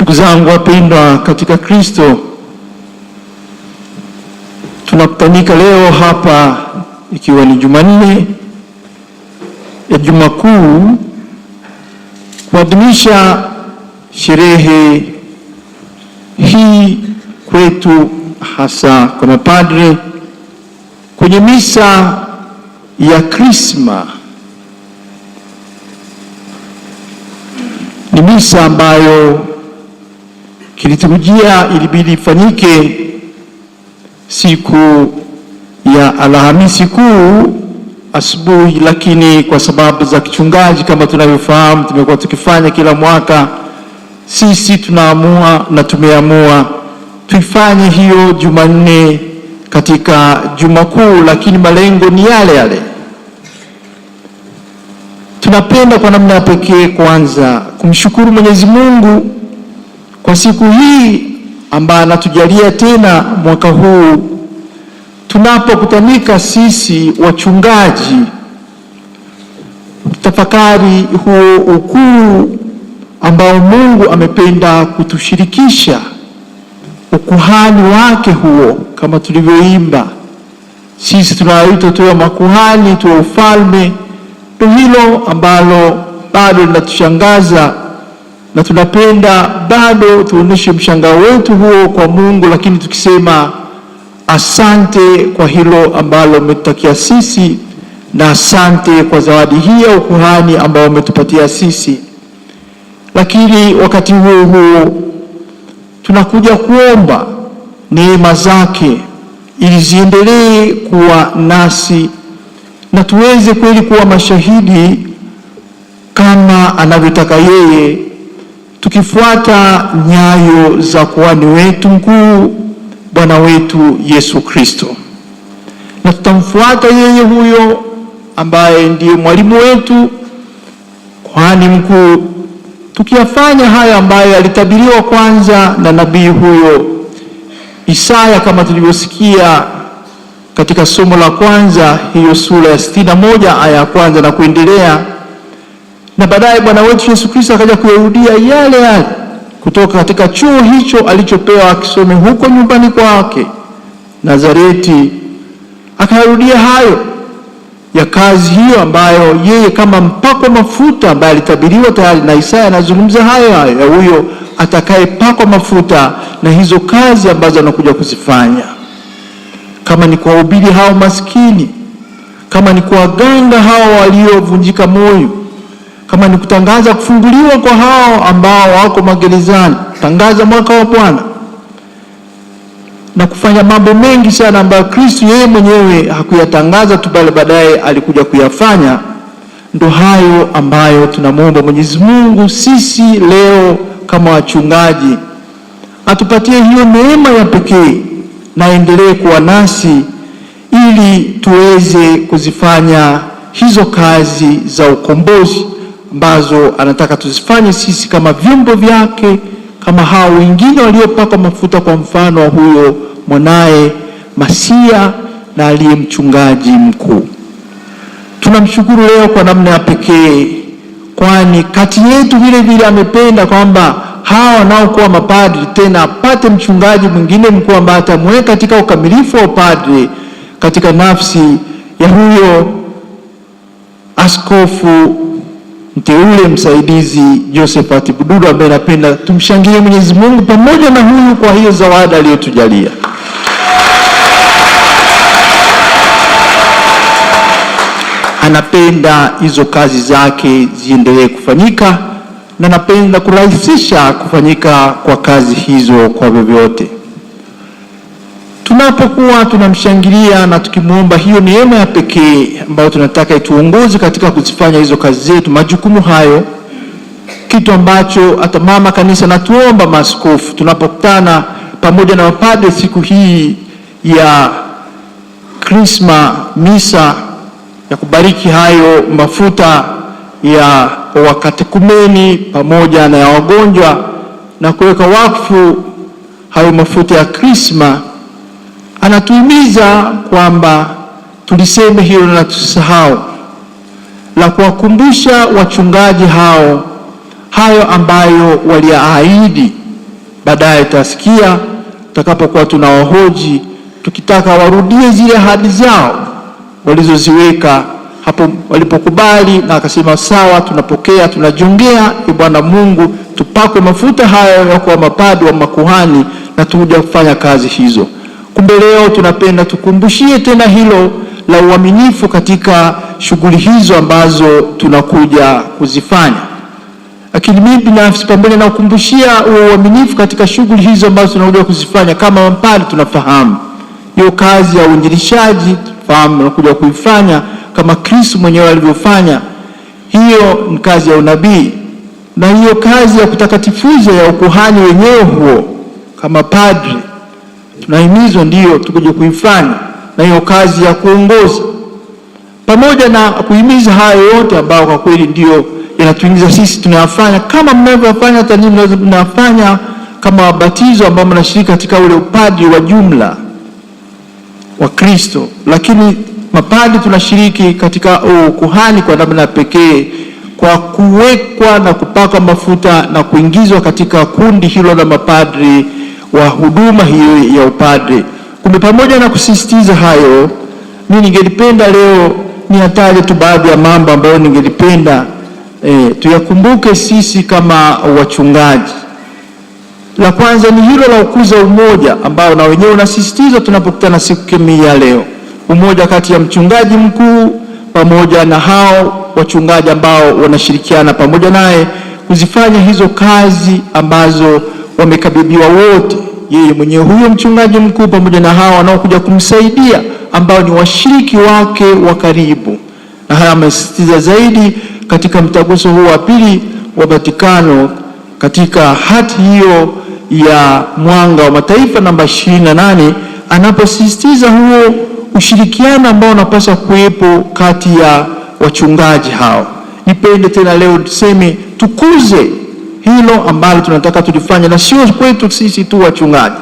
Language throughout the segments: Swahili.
Ndugu zangu wapendwa katika Kristo, tunakutanika leo hapa ikiwa ni Jumanne ya Juma Kuu kuadhimisha sherehe hii kwetu, hasa kwa mapadre kwenye misa ya Krisma. Ni misa ambayo kiliturujia ilibidi ifanyike siku ya Alhamisi Kuu asubuhi, lakini kwa sababu za kichungaji, kama tunavyofahamu, tumekuwa tukifanya kila mwaka. Sisi tunaamua na tumeamua tuifanye hiyo Jumanne katika Juma Kuu, lakini malengo ni yale yale. Tunapenda kwa namna ya pekee kwanza kumshukuru Mwenyezi Mungu kwa siku hii ambayo anatujalia tena mwaka huu, tunapokutanika sisi wachungaji tafakari huo ukuu ambao Mungu amependa kutushirikisha ukuhani wake huo, kama tulivyoimba sisi tunaoitwa tuwe makuhani, tuwe ufalme. Ndio hilo ambalo bado linatushangaza na tunapenda bado tuoneshe mshangao wetu huo kwa Mungu, lakini tukisema asante kwa hilo ambalo umetutakia sisi na asante kwa zawadi hii ya ukuhani ambao umetupatia sisi. Lakini wakati huo huo tunakuja kuomba neema zake ili ziendelee kuwa nasi na tuweze kweli kuwa mashahidi kama anavyotaka yeye tukifuata nyayo za kuhani wetu mkuu Bwana wetu Yesu Kristo, na tutamfuata yeye huyo ambaye ndiye mwalimu wetu, kuhani mkuu, tukiyafanya haya ambayo alitabiriwa kwanza na nabii huyo Isaya, kama tulivyosikia katika somo la kwanza, hiyo sura ya 61 moja aya ya kwanza na kuendelea na baadaye Bwana wetu Yesu Kristo akaja kuyarudia yale yale kutoka katika chuo hicho alichopewa akisome huko nyumbani kwake Nazareti, akayarudia hayo ya kazi hiyo ambayo yeye kama mpakwa mafuta ambaye alitabiriwa tayari na Isaya anazungumza hayo hayo ya huyo atakayepakwa mafuta na hizo kazi ambazo anakuja kuzifanya, kama ni kuwahubiri hao maskini, kama ni kuwaganga hao waliovunjika moyo kama ni kutangaza kufunguliwa kwa hao ambao wako magerezani, tangaza mwaka wa Bwana na kufanya mambo mengi sana ambayo Kristo yeye mwenyewe hakuyatangaza tu, bali baadaye alikuja kuyafanya. Ndo hayo ambayo tunamwomba Mwenyezi Mungu sisi leo kama wachungaji atupatie hiyo neema ya pekee, na endelee kuwa nasi ili tuweze kuzifanya hizo kazi za ukombozi ambazo anataka tuzifanye sisi kama vyombo vyake, kama hao wengine waliopakwa mafuta, kwa mfano wa huyo mwanaye Masia na aliye mchungaji mkuu. Tunamshukuru leo kwa namna ya pekee, kwani kati yetu vile vile amependa kwamba hawa wanaokuwa mapadri tena apate mchungaji mwingine mkuu ambaye atamweka katika ukamilifu wa upadri katika nafsi ya huyo askofu mteule msaidizi Josephat Bududu ambaye napenda tumshangilie Mwenyezi Mungu pamoja na huyu kwa hiyo zawadi aliyotujalia. Anapenda hizo kazi zake ziendelee kufanyika na napenda kurahisisha kufanyika kwa kazi hizo kwa vyovyote. Tunapokuwa tunamshangilia na tukimwomba hiyo neema ya pekee ambayo tunataka ituongoze katika kuzifanya hizo kazi zetu, majukumu hayo, kitu ambacho hata mama kanisa natuomba maaskofu, tunapokutana pamoja na wapade siku hii ya Krisma, misa ya kubariki hayo mafuta ya wakatekumeni pamoja na ya wagonjwa na kuweka wakfu hayo mafuta ya Krisma anatuhimiza kwamba tuliseme hilo na tusisahau la kuwakumbusha wachungaji hao hayo ambayo waliyaahidi. Baadaye tutasikia tutakapokuwa tunawahoji tukitaka warudie zile ahadi zao walizoziweka hapo walipokubali, na akasema sawa, tunapokea, tunajongea e Bwana Mungu, tupakwe mafuta hayo ya kuwa mapadi wa makuhani na tuje kufanya kazi hizo. Kumbe leo tunapenda tukumbushie tena hilo la uaminifu katika shughuli hizo ambazo tunakuja kuzifanya. Lakini mimi binafsi, pamoja na kukumbushia uaminifu katika shughuli hizo ambazo tunakuja kuzifanya, kama mapadri tunafahamu hiyo kazi ya uinjilishaji, tunafahamu tunakuja kuifanya kama Kristo mwenyewe alivyofanya. Hiyo ni kazi ya unabii na hiyo kazi ya kutakatifuza ya ukuhani wenyewe huo kama padri tunahimizwa ndiyo tukuje kuifanya na hiyo kazi ya kuongoza, pamoja na kuhimiza hayo yote ambayo kwa kweli ndiyo yanatuingiza sisi tunayafanya, kama mnavyofanya tani, mnafanya kama wabatizo ambao mnashiriki katika ule upadi wa jumla wa Kristo, lakini mapadi tunashiriki katika ukuhani kwa namna pekee kwa kuwekwa na kupakwa mafuta na kuingizwa katika kundi hilo la mapadri wa huduma hiyo ya upadre. Kumbe pamoja na kusisitiza hayo, mimi ningelipenda leo hataje tu baadhi ya mambo ambayo ningelipenda e, tuyakumbuke sisi kama wachungaji. La kwanza ni hilo la ukuza umoja ambao na wenyewe unasisitizwa tunapokutana siku kemii ya leo, umoja kati ya mchungaji mkuu pamoja na hao wachungaji ambao wanashirikiana pamoja naye kuzifanya hizo kazi ambazo wamekabidhiwa wote, yeye mwenyewe huyo mchungaji mkuu pamoja na hawa wanaokuja kumsaidia ambao ni washiriki wake wa karibu. Na haya amesisitiza zaidi katika mtaguso huu wa pili wa Vatikano katika hati hiyo ya Mwanga wa Mataifa namba 28 anaposisitiza huo ushirikiano ambao unapaswa kuwepo kati ya wachungaji hao. Nipende tena leo tuseme tukuze hilo ambalo tunataka tulifanye, na sio kwetu sisi tu wachungaji,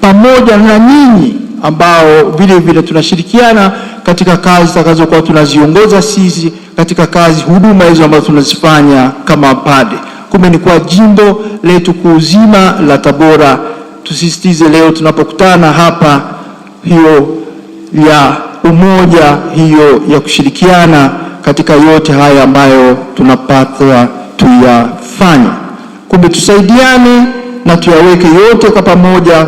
pamoja na nyinyi ambao vile vile tunashirikiana katika kazi zitakazokuwa tunaziongoza sisi katika kazi huduma hizo ambazo tunazifanya kama pade. Kumbe ni kwa jimbo letu kuuzima la Tabora, tusisitize leo tunapokutana hapa, hiyo ya umoja, hiyo ya kushirikiana katika yote haya ambayo tunapata tuyafanya. Kumbe tusaidiane na tuyaweke yote kwa pamoja,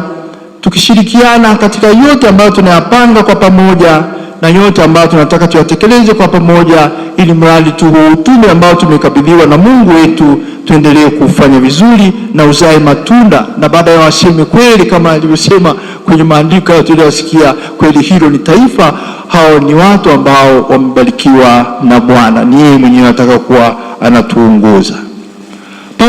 tukishirikiana katika yote ambayo tunayapanga kwa pamoja na yote ambayo tunataka tuyatekeleze kwa pamoja, ili mradi tu huu utume ambao tumekabidhiwa na Mungu wetu tuendelee kufanya vizuri na uzae matunda, na baada ya waseme kweli, kama alivyosema kwenye maandiko hayo tuliyosikia, kweli hilo ni taifa, hao ni watu ambao wamebarikiwa na Bwana, ni yeye mwenyewe anataka kuwa anatuongoza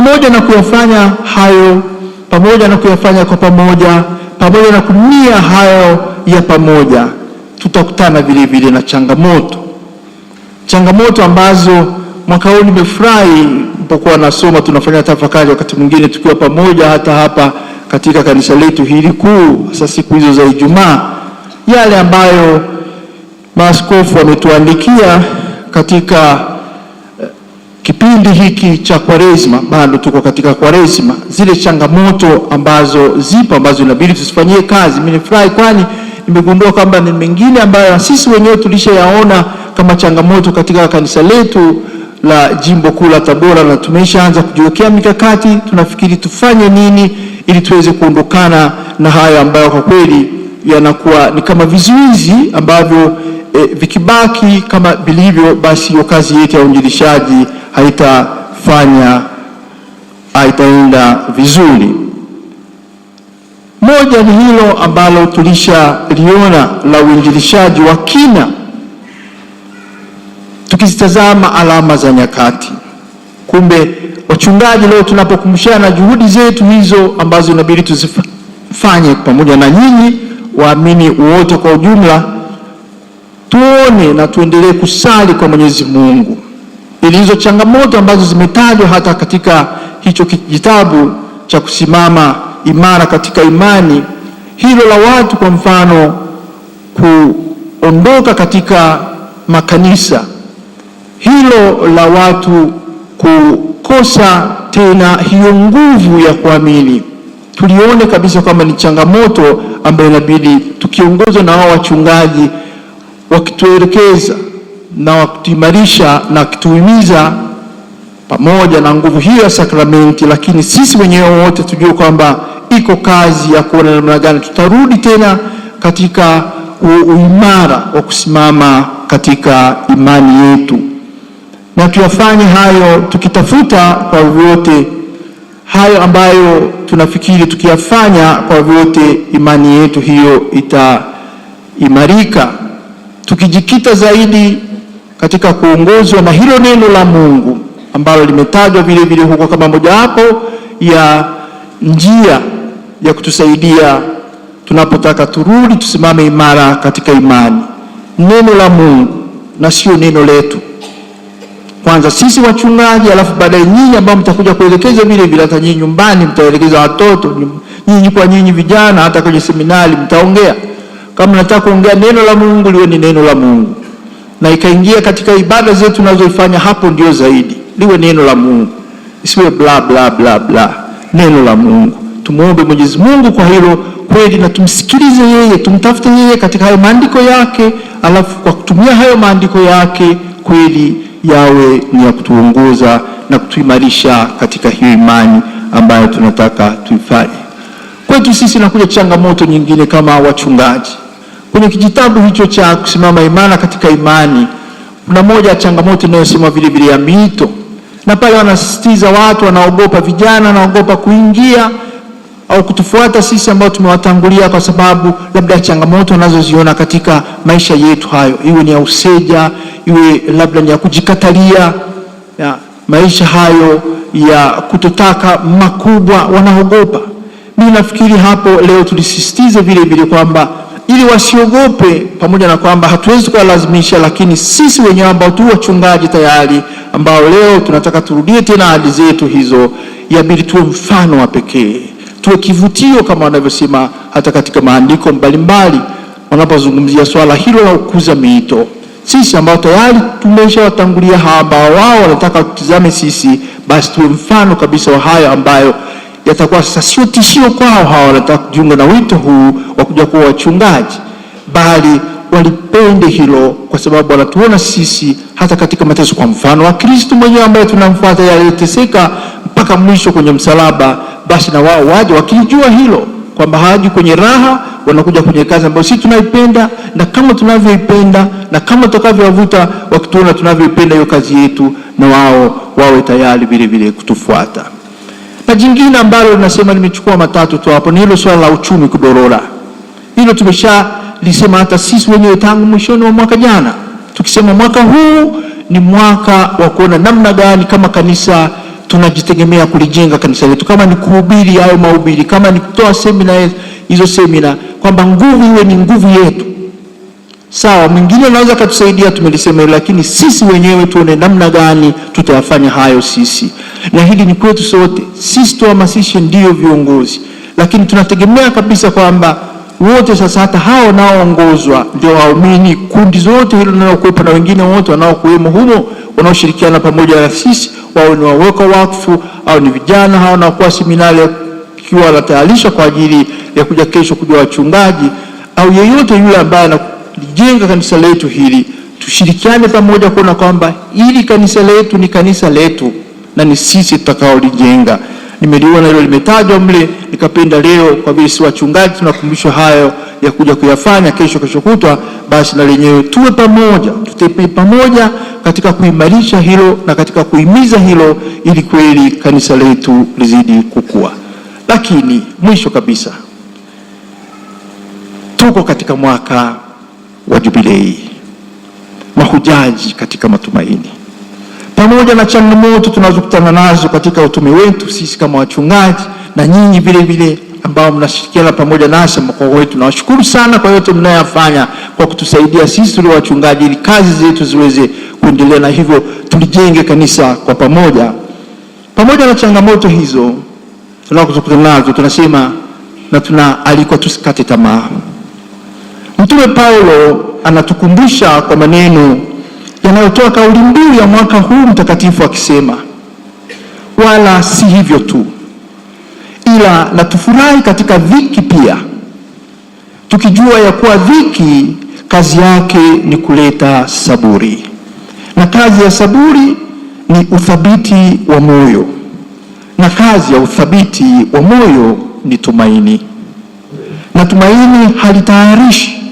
pamoja na kuyafanya hayo pamoja na kuyafanya kwa pamoja pamoja na kumia hayo ya pamoja, tutakutana vile vile na changamoto, changamoto ambazo mwaka huu nimefurahi mpokuwa nasoma, tunafanya tafakari wakati mwingine tukiwa pamoja, hata hapa katika kanisa letu hili kuu, hasa siku hizo za Ijumaa, yale ambayo maaskofu wametuandikia katika Kipindi hiki cha Kwaresma, bado tuko katika Kwaresma, zile changamoto ambazo zipo ambazo inabidi tuzifanyie kazi. Mimi nifurahi kwani nimegundua kwamba ni mengine ambayo na sisi wenyewe tulishayaona kama changamoto katika kanisa letu la jimbo kuu la Tabora, na tumeshaanza kujiwekea mikakati, tunafikiri tufanye nini ili tuweze kuondokana na hayo ambayo kwa kweli yanakuwa ni kama vizuizi ambavyo e, vikibaki kama vilivyo, basi hiyo kazi yetu ya uinjilishaji haitafanya haitaenda vizuri. Moja ni hilo ambalo tulishaliona la uinjilishaji wa kina. Tukizitazama alama za nyakati, kumbe wachungaji, leo tunapokumbushana juhudi zetu hizo ambazo inabidi tuzifanye pamoja na nyinyi waamini wote kwa ujumla, tuone na tuendelee kusali kwa Mwenyezi Mungu ili hizo changamoto ambazo zimetajwa hata katika hicho kitabu cha kusimama imara katika imani, hilo la watu kwa mfano kuondoka katika makanisa, hilo la watu kukosa tena hiyo nguvu ya kuamini, tulione kabisa kwamba ni changamoto ambayo inabidi tukiongozwa na wao wachungaji wakituelekeza na wakutuimarisha na kutuhimiza pamoja na nguvu hiyo ya sakramenti, lakini sisi wenyewe wote tujue kwamba iko kazi ya kuona namna gani tutarudi tena katika uimara wa kusimama katika imani yetu, na tuyafanye hayo tukitafuta kwa vyote hayo ambayo tunafikiri tukiyafanya kwa vyote imani yetu hiyo itaimarika, tukijikita zaidi katika kuongozwa na hilo neno la Mungu ambalo limetajwa vile vile huko kama mojawapo ya njia ya kutusaidia tunapotaka turudi tusimame imara katika imani. Neno la Mungu na sio neno letu, kwanza sisi wachungaji, alafu baadaye nyinyi ambao mtakuja kuelekeza vile vile, hata nyinyi nyumbani mtaelekeza watoto, nyinyi kwa nyinyi vijana, hata kwenye seminari mtaongea. Kama nataka kuongea neno la Mungu, liwe ni neno la Mungu na ikaingia katika ibada zetu tunazoifanya. Hapo ndio zaidi liwe neno la Mungu, isiwe bla bla bla bla, neno la Mungu. Tumwombe Mwenyezi Mungu kwa hilo kweli, na tumsikilize yeye, tumtafute yeye katika hayo maandiko yake, alafu kwa kutumia hayo maandiko yake kweli yawe ni ya kutuongoza na kutuimarisha katika hiyo imani ambayo tunataka tuifanye. Kwetu sisi nakuja changamoto nyingine kama wachungaji Kwenye kijitabu hicho cha kusimama imara katika imani, kuna moja ya changamoto inayosema vile vile ya miito, na pale wanasisitiza watu wanaogopa, vijana wanaogopa kuingia au kutufuata sisi ambao tumewatangulia, kwa sababu labda changamoto wanazoziona katika maisha yetu hayo, iwe ni ya useja, iwe labda ni ya kujikatalia ya maisha hayo ya kutotaka makubwa, wanaogopa. Mimi nafikiri hapo leo tulisisitize vile vile kwamba ili wasiogope, pamoja na kwamba hatuwezi kuwalazimisha, lakini sisi wenyewe ambao tu wachungaji tayari, ambao leo tunataka turudie tena ahadi zetu hizo, yabidi tuwe mfano wa pekee, tuwe kivutio, kama wanavyosema hata katika maandiko mbalimbali wanapozungumzia swala hilo la kukuza miito. Sisi ambao tayari tumeshawatangulia hawa ambao wao wanataka tutizame sisi, basi tuwe mfano kabisa wa hayo ambayo yatakuwa sasa sio tishio kwao. Hawa wanataka kujiunga na wito huu wa kuja kuwa wachungaji, bali walipende hilo, kwa sababu wanatuona sisi hata katika mateso, kwa mfano wa Kristo mwenyewe ambaye tunamfuata, yaliteseka mpaka mwisho kwenye msalaba. Basi na wao waje wakijua hilo kwamba hawaji kwenye raha, wanakuja kwenye kazi ambayo sisi tunaipenda, na kama tunavyoipenda na kama tutakavyowavuta wakituona tunavyoipenda hiyo kazi yetu, na wao wawe tayari vile vile kutufuata jingine ambalo linasema, nimechukua matatu tu hapo, ni hilo swala la uchumi kudorora. Hilo tumeshalisema hata sisi wenyewe tangu mwishoni wa mwaka jana, tukisema mwaka huu ni mwaka wa kuona namna gani kama kanisa tunajitegemea kulijenga kanisa letu, kama ni kuhubiri au mahubiri, kama ni kutoa semina, hizo semina, kwamba nguvu iwe ni nguvu yetu Sawa, mwingine anaweza katusaidia, tumelisema hilo, lakini sisi wenyewe tuone namna gani tutayafanya hayo sisi, na hili ni kwetu sote. Sisi tuhamasishe, ndiyo viongozi, lakini tunategemea kabisa kwamba wote sasa, hata hao wanaoongozwa ndio waumini, kundi zote hilo linalokuwepo na wengine wote wanaokuwemo humo, wanaoshirikiana pamoja na sisi, wao ni waweka wakfu au ni vijana hao wanaokuwa seminari akiwa wanatayarishwa kwa ajili ya kuja kesho kujua wachungaji au yeyote yule ambaye tunalijenga kanisa letu hili, tushirikiane pamoja kuona kwamba ili kanisa letu ni kanisa letu na ni sisi tutakaolijenga. Nimeliona hilo limetajwa mle, nikapenda leo kwa vile si wachungaji tunakumbushwa hayo ya kuja kuyafanya kesho, kesho kutwa, basi na lenyewe tuwe pamoja, tutembee pamoja katika kuimarisha hilo na katika kuhimiza hilo, ili kweli kanisa letu lizidi kukua. Lakini mwisho kabisa, tuko katika mwaka wa jubilei, mahujaji katika matumaini. Pamoja na changamoto tunazokutana nazo katika utume wetu sisi kama wachungaji na nyinyi vile vile ambao mnashirikiana pamoja nasi mkoa wetu, nawashukuru sana kwa yote mnayofanya kwa kutusaidia sisi tulio wachungaji, ili kazi zetu ziweze kuendelea, na hivyo tulijenge kanisa kwa pamoja. Pamoja na changamoto hizo tunazokutana nazo, tunasema na tunaalikwa tusikate tamaa. Mtume Paulo anatukumbusha kwa maneno yanayotoa kauli mbiu ya mwaka huu mtakatifu akisema, wala si hivyo tu, ila na tufurahi katika dhiki pia, tukijua ya kuwa dhiki kazi yake ni kuleta saburi, na kazi ya saburi ni uthabiti wa moyo, na kazi ya uthabiti wa moyo ni tumaini, na tumaini halitayarishi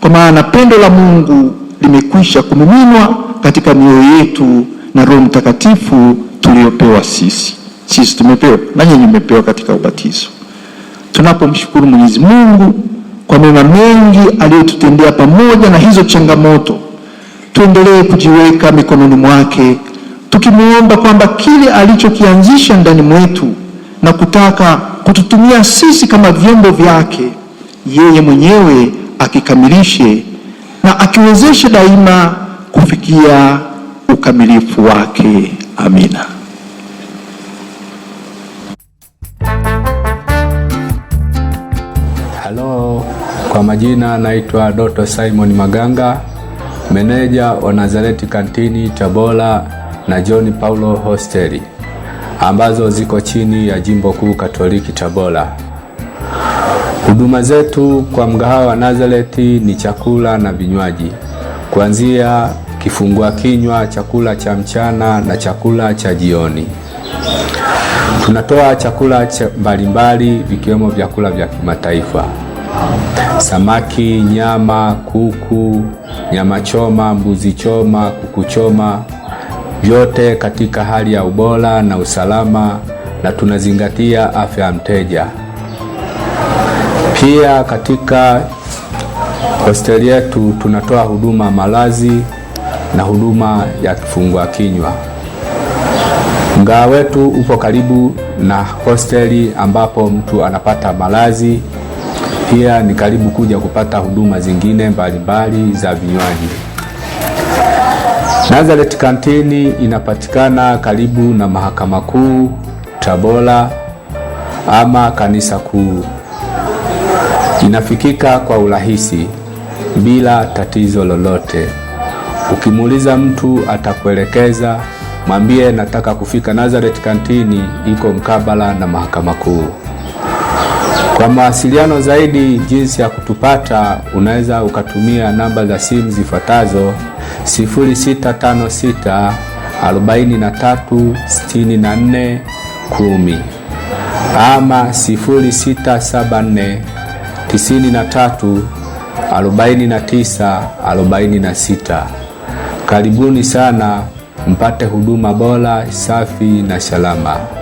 kwa maana pendo la Mungu limekwisha kumiminwa katika mioyo yetu na Roho Mtakatifu tuliyopewa sisi. Sisi tumepewa na nyinyi mmepewa katika ubatizo. Tunapomshukuru Mwenyezi Mungu kwa mema mengi aliyotutendea, pamoja na hizo changamoto, tuendelee kujiweka mikononi mwake, tukimwomba kwamba kile alichokianzisha ndani mwetu na kutaka kututumia sisi kama vyombo vyake, yeye mwenyewe akikamilishe na akiwezeshe daima kufikia ukamilifu wake. Amina. Halo, kwa majina naitwa Doto Simon Maganga, meneja wa Nazareti Kantini Tabora na John Paulo Hosteli ambazo ziko chini ya Jimbo Kuu Katoliki Tabora. Huduma zetu kwa mgahawa wa Nazareti ni chakula na vinywaji, kuanzia kifungua kinywa, chakula cha mchana na chakula cha jioni. Tunatoa chakula cha mbalimbali vikiwemo vyakula vya kimataifa: samaki, nyama, kuku, nyama choma, mbuzi choma, kuku choma, vyote katika hali ya ubora na usalama, na tunazingatia afya ya mteja. Pia katika hosteli yetu tunatoa huduma malazi na huduma ya kifungua kinywa. Mgahawa wetu upo karibu na hosteli ambapo mtu anapata malazi, pia ni karibu kuja kupata huduma zingine mbalimbali za vinywaji. Nazareth Kantini inapatikana karibu na mahakama kuu Tabora ama kanisa kuu inafikika kwa urahisi bila tatizo lolote. Ukimuuliza mtu atakuelekeza. Mwambie nataka kufika Nazareth, kantini iko mkabala na mahakama kuu. Kwa mawasiliano zaidi, jinsi ya kutupata, unaweza ukatumia namba za simu zifuatazo: 0656 43 64 10 ama 0674 tisini na na tatu arobaini tisa arobaini na sita. Karibuni sana mpate huduma bora, safi na salama.